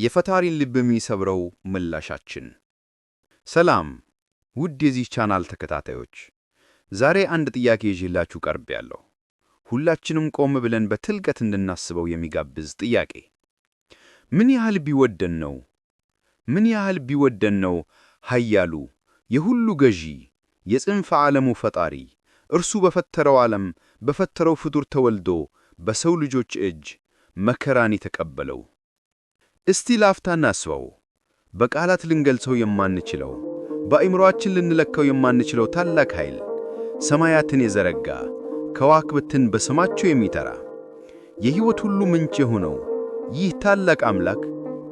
የፈታሪን ልብ የሚሰብረው ምላሻችን። ሰላም ውድ የዚህ ቻናል ተከታታዮች፣ ዛሬ አንድ ጥያቄ ይዤላችሁ ቀርቤያለሁ። ሁላችንም ቆም ብለን በትልቀት እንድናስበው የሚጋብዝ ጥያቄ። ምን ያህል ቢወደን ነው ምን ያህል ቢወደን ነው ኃያሉ የሁሉ ገዢ የጽንፈ ዓለሙ ፈጣሪ እርሱ በፈጠረው ዓለም በፈጠረው ፍጡር ተወልዶ በሰው ልጆች እጅ መከራን የተቀበለው እስቲ ላፍታ እናስበው። በቃላት ልንገልጸው የማንችለው በአእምሮአችን ልንለካው የማንችለው ታላቅ ኃይል፣ ሰማያትን የዘረጋ ከዋክብትን በስማቸው የሚጠራ የሕይወት ሁሉ ምንጭ የሆነው ይህ ታላቅ አምላክ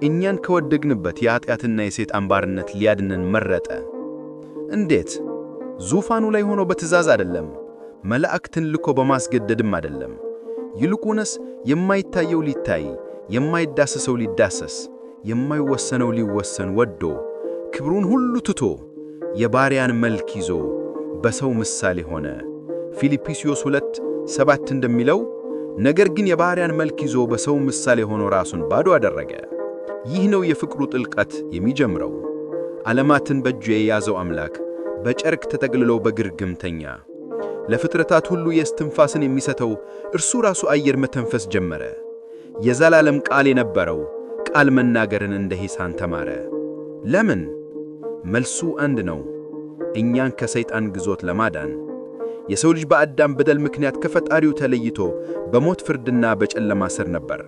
እኛን ከወደግንበት የኀጢአትና የሰይጣን ባርነት ሊያድነን መረጠ። እንዴት? ዙፋኑ ላይ ሆኖ በትእዛዝ አይደለም፣ መላእክትን ልኮ በማስገደድም አይደለም። ይልቁንስ የማይታየው ሊታይ የማይዳሰሰው ሊዳሰስ የማይወሰነው ሊወሰን ወዶ ክብሩን ሁሉ ትቶ የባሪያን መልክ ይዞ በሰው ምሳሌ ሆነ። ፊልጵስዩስ 2 7 እንደሚለው ነገር ግን የባሪያን መልክ ይዞ በሰው ምሳሌ ሆኖ ራሱን ባዶ አደረገ። ይህ ነው የፍቅሩ ጥልቀት የሚጀምረው። ዓለማትን በእጁ የያዘው አምላክ በጨርቅ ተጠቅልሎ በግርግም ተኛ። ለፍጥረታት ሁሉ የእስትንፋስን የሚሰተው እርሱ ራሱ አየር መተንፈስ ጀመረ። የዘላለም ቃል የነበረው ቃል መናገርን እንደ ሂሳን ተማረ። ለምን? መልሱ አንድ ነው። እኛን ከሰይጣን ግዞት ለማዳን የሰው ልጅ በአዳም በደል ምክንያት ከፈጣሪው ተለይቶ በሞት ፍርድና በጨለማ ስር ነበር።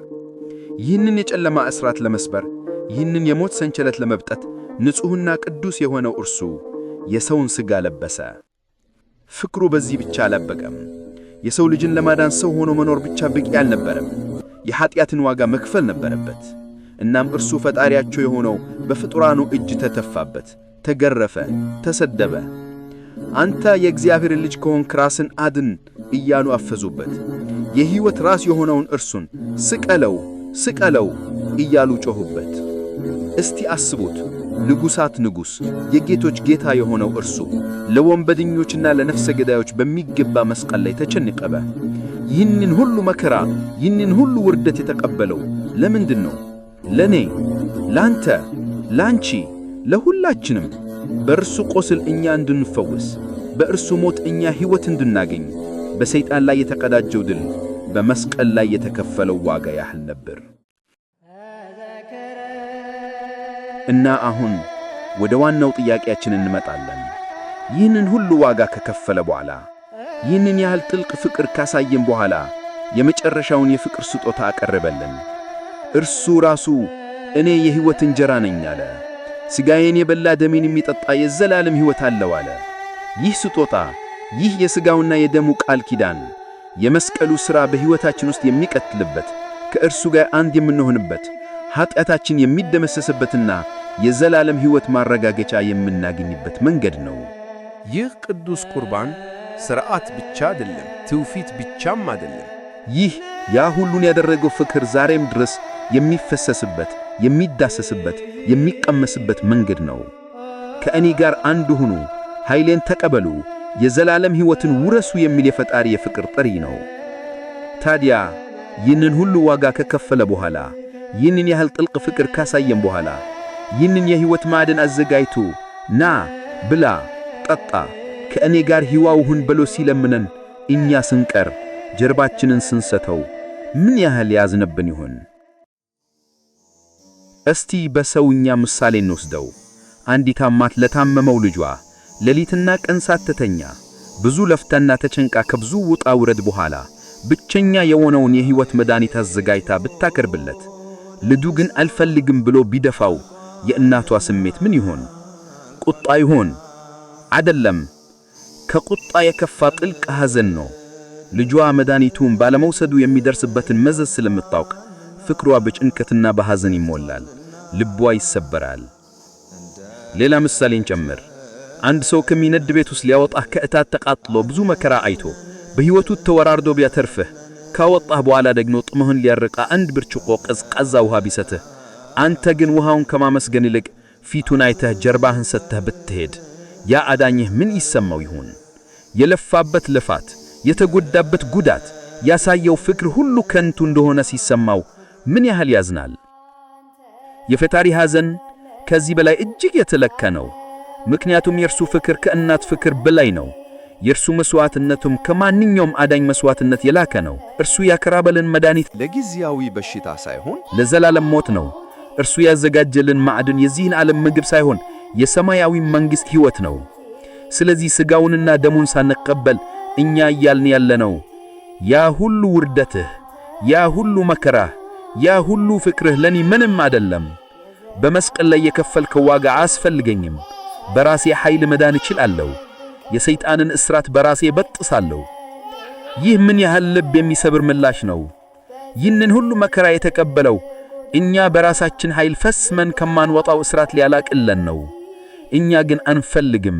ይህንን የጨለማ እስራት ለመስበር፣ ይህንን የሞት ሰንሰለት ለመብጠት ንጹሕና ቅዱስ የሆነው እርሱ የሰውን ሥጋ ለበሰ። ፍቅሩ በዚህ ብቻ አላበቀም። የሰው ልጅን ለማዳን ሰው ሆኖ መኖር ብቻ በቂ አልነበረም። የኀጢአትን ዋጋ መክፈል ነበረበት። እናም እርሱ ፈጣሪያቸው የሆነው በፍጡራኑ እጅ ተተፋበት፣ ተገረፈ፣ ተሰደበ። አንተ የእግዚአብሔር ልጅ ከሆንክ ራስን አድን እያሉ አፈዙበት። የሕይወት ራስ የሆነውን እርሱን ስቀለው፣ ስቀለው እያሉ ጮኹበት። እስቲ አስቡት፣ ንጉሣት ንጉሥ፣ የጌቶች ጌታ የሆነው እርሱ ለወንበድኞችና ለነፍሰ ገዳዮች በሚገባ መስቀል ላይ ተቸንቀበ። ይህንን ሁሉ መከራ ይህንን ሁሉ ውርደት የተቀበለው ለምንድን ነው? ለእኔ፣ ላንተ፣ ላንቺ፣ ለሁላችንም በእርሱ ቆስል እኛ እንድንፈወስ፣ በእርሱ ሞት እኛ ሕይወት እንድናገኝ በሰይጣን ላይ የተቀዳጀው ድል በመስቀል ላይ የተከፈለው ዋጋ ያህል ነበር። እና አሁን ወደ ዋናው ጥያቄያችን እንመጣለን። ይህንን ሁሉ ዋጋ ከከፈለ በኋላ ይህንን ያህል ጥልቅ ፍቅር ካሳየን በኋላ የመጨረሻውን የፍቅር ስጦታ አቀረበልን። እርሱ ራሱ እኔ የሕይወት እንጀራ ነኝ አለ። ሥጋዬን የበላ ደሜን የሚጠጣ የዘላለም ሕይወት አለው አለ። ይህ ስጦታ፣ ይህ የሥጋውና የደሙ ቃል ኪዳን የመስቀሉ ሥራ በሕይወታችን ውስጥ የሚቀጥልበት ከእርሱ ጋር አንድ የምንሆንበት ኀጢአታችን የሚደመሰስበትና የዘላለም ሕይወት ማረጋገጫ የምናገኝበት መንገድ ነው። ይህ ቅዱስ ቁርባን ስርዓት ብቻ አይደለም፣ ትውፊት ብቻም አይደለም። ይህ ያ ሁሉን ያደረገው ፍቅር ዛሬም ድረስ የሚፈሰስበት፣ የሚዳሰስበት፣ የሚቀመስበት መንገድ ነው። ከእኔ ጋር አንድ ሁኑ፣ ኃይሌን ተቀበሉ፣ የዘላለም ሕይወትን ውረሱ የሚል የፈጣሪ የፍቅር ጥሪ ነው። ታዲያ ይህንን ሁሉ ዋጋ ከከፈለ በኋላ ይህንን ያህል ጥልቅ ፍቅር ካሳየን በኋላ ይህንን የሕይወት ማዕድን አዘጋጅቱ ና ብላ፣ ጠጣ ከእኔ ጋር ሕያው ሁን ብሎ ሲለምነን እኛ ስንቀር ጀርባችንን ስንሰተው ምን ያህል ያዝነብን ይሆን? እስቲ በሰውኛ ምሳሌ እንወስደው። አንዲት አማት ለታመመው ልጇ ሌሊትና ቀን ሳትተኛ ብዙ ለፍታና ተጨንቃ ከብዙ ውጣ ውረድ በኋላ ብቸኛ የሆነውን የሕይወት መድኃኒት አዘጋጅታ ብታቀርብለት ልጁ ግን አልፈልግም ብሎ ቢደፋው የእናቷ ስሜት ምን ይሆን? ቁጣ ይሆን? አይደለም፣ ከቁጣ የከፋ ጥልቅ ሐዘን ነው። ልጇ መድኃኒቱን ባለመውሰዱ የሚደርስበትን መዘዝ ስለምታውቅ ፍቅሯ በጭንቀትና በሐዘን ይሞላል፣ ልቧ ይሰበራል። ሌላ ምሳሌን ጨምር። አንድ ሰው ከሚነድ ቤት ውስጥ ሊያወጣህ ከእታት ተቃጥሎ ብዙ መከራ አይቶ በሕይወቱ ተወራርዶ ቢያተርፍህ ካወጣህ በኋላ ደግሞ ጥምህን ሊያርቃ አንድ ብርጭቆ ቀዝቃዛ ውሃ ቢሰትህ አንተ ግን ውሃውን ከማመስገን ይልቅ ፊቱን አይተህ ጀርባህን ሰጥተህ ብትሄድ ያ አዳኝህ ምን ይሰማው ይሆን? የለፋበት ልፋት፣ የተጎዳበት ጉዳት፣ ያሳየው ፍቅር ሁሉ ከንቱ እንደሆነ ሲሰማው ምን ያህል ያዝናል። የፈጣሪ ሐዘን ከዚህ በላይ እጅግ የተለከ ነው። ምክንያቱም የእርሱ ፍቅር ከእናት ፍቅር በላይ ነው። የእርሱ መሥዋዕትነቱም ከማንኛውም አዳኝ መሥዋዕትነት የላከ ነው። እርሱ ያከራበልን መድኃኒት ለጊዜያዊ በሽታ ሳይሆን ለዘላለም ሞት ነው። እርሱ ያዘጋጀልን ማዕድን የዚህን ዓለም ምግብ ሳይሆን የሰማያዊ መንግሥት ሕይወት ነው። ስለዚህ ሥጋውንና ደሙን ሳንቀበል እኛ እያልን ያለነው ያ ሁሉ ውርደትህ፣ ያ ሁሉ መከራህ፣ ያ ሁሉ ፍቅርህ ለኔ ምንም አደለም። በመስቀል ላይ የከፈልከው ዋጋ አያስፈልገኝም። በራሴ ኃይል መዳን እችላለሁ። የሰይጣንን እስራት በራሴ በጥሳለሁ። ይህ ምን ያህል ልብ የሚሰብር ምላሽ ነው! ይህንን ሁሉ መከራ የተቀበለው እኛ በራሳችን ኃይል ፈስመን ከማንወጣው እስራት ሊያላቅለን ነው። እኛ ግን አንፈልግም።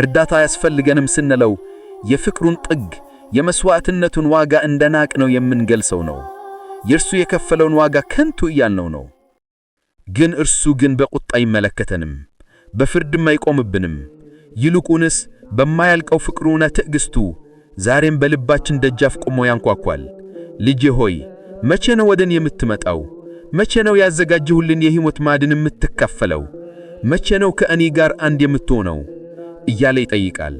እርዳታ አያስፈልገንም ስንለው የፍቅሩን ጥግ የመሥዋዕትነቱን ዋጋ እንደ ናቅ ነው የምንገልጸው ነው። የእርሱ የከፈለውን ዋጋ ከንቱ እያልነው ነው። ግን እርሱ ግን በቁጣ አይመለከተንም፣ በፍርድም አይቆምብንም። ይልቁንስ በማያልቀው ፍቅሩና ትዕግሥቱ ዛሬም በልባችን ደጃፍ ቆሞ ያንኳኳል። ልጄ ሆይ መቼ ነው ወደን የምትመጣው? መቼ ነው ያዘጋጀሁልን የሕይወት ማዕድን የምትካፈለው? መቼ ነው ከእኔ ጋር አንድ የምትሆነው? እያለ ይጠይቃል።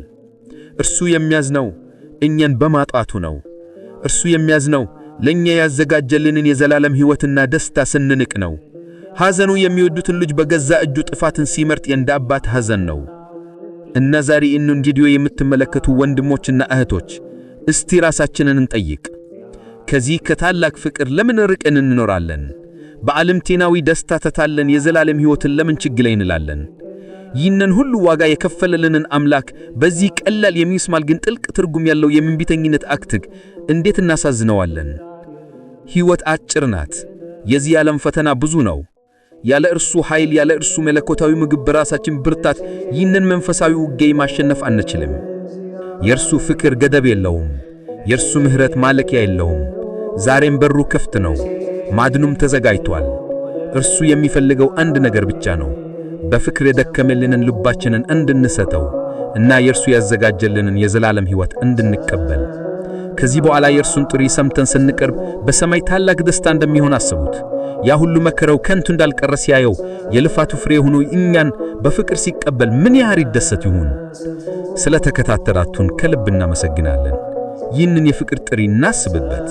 እርሱ የሚያዝነው እኛን በማጣቱ ነው። እርሱ የሚያዝነው ለእኛ ያዘጋጀልንን የዘላለም ሕይወትና ደስታ ስንንቅ ነው። ሐዘኑ የሚወዱትን ልጅ በገዛ እጁ ጥፋትን ሲመርጥ የእንደ አባት ሐዘን ነው። እና ዛሬ እንን ቪዲዮ የምትመለከቱ ወንድሞችና እህቶች እስቲ ራሳችንን እንጠይቅ። ከዚህ ከታላቅ ፍቅር ለምን ርቀን እንኖራለን? ቴናዊ ደስታ ተታለን የዘላለም ሕይወትን ለምን ችግር ላይ እንላለን? ይህንን ሁሉ ዋጋ የከፈለልንን አምላክ በዚህ ቀላል የሚስማል ግን ጥልቅ ትርጉም ያለው የምንቢተኝነት አክትግ እንዴት እናሳዝነዋለን? ሕይወት አጭር ናት። የዚህ ዓለም ፈተና ብዙ ነው። ያለ እርሱ ኃይል፣ ያለ እርሱ መለኮታዊ ምግብ በራሳችን ብርታት ይህንን መንፈሳዊ ውጌይ ማሸነፍ አንችልም። የእርሱ ፍቅር ገደብ የለውም። የእርሱ ምሕረት ማለኪያ የለውም። ዛሬም በሩ ክፍት ነው፣ ማድኑም ተዘጋጅቷል። እርሱ የሚፈልገው አንድ ነገር ብቻ ነው በፍቅር የደከመልንን ልባችንን እንድንሰተው እና የእርሱ ያዘጋጀልንን የዘላለም ሕይወት እንድንቀበል ከዚህ በኋላ የእርሱን ጥሪ ሰምተን ስንቀርብ በሰማይ ታላቅ ደስታ እንደሚሆን አስቡት። ያ ሁሉ መከረው ከንቱ እንዳልቀረ ሲያየው የልፋቱ ፍሬ ሆኖ እኛን በፍቅር ሲቀበል ምን ያህል ይደሰት ይሆን? ስለ ተከታተላችሁን ከልብ እናመሰግናለን። ይህንን የፍቅር ጥሪ እናስብበት።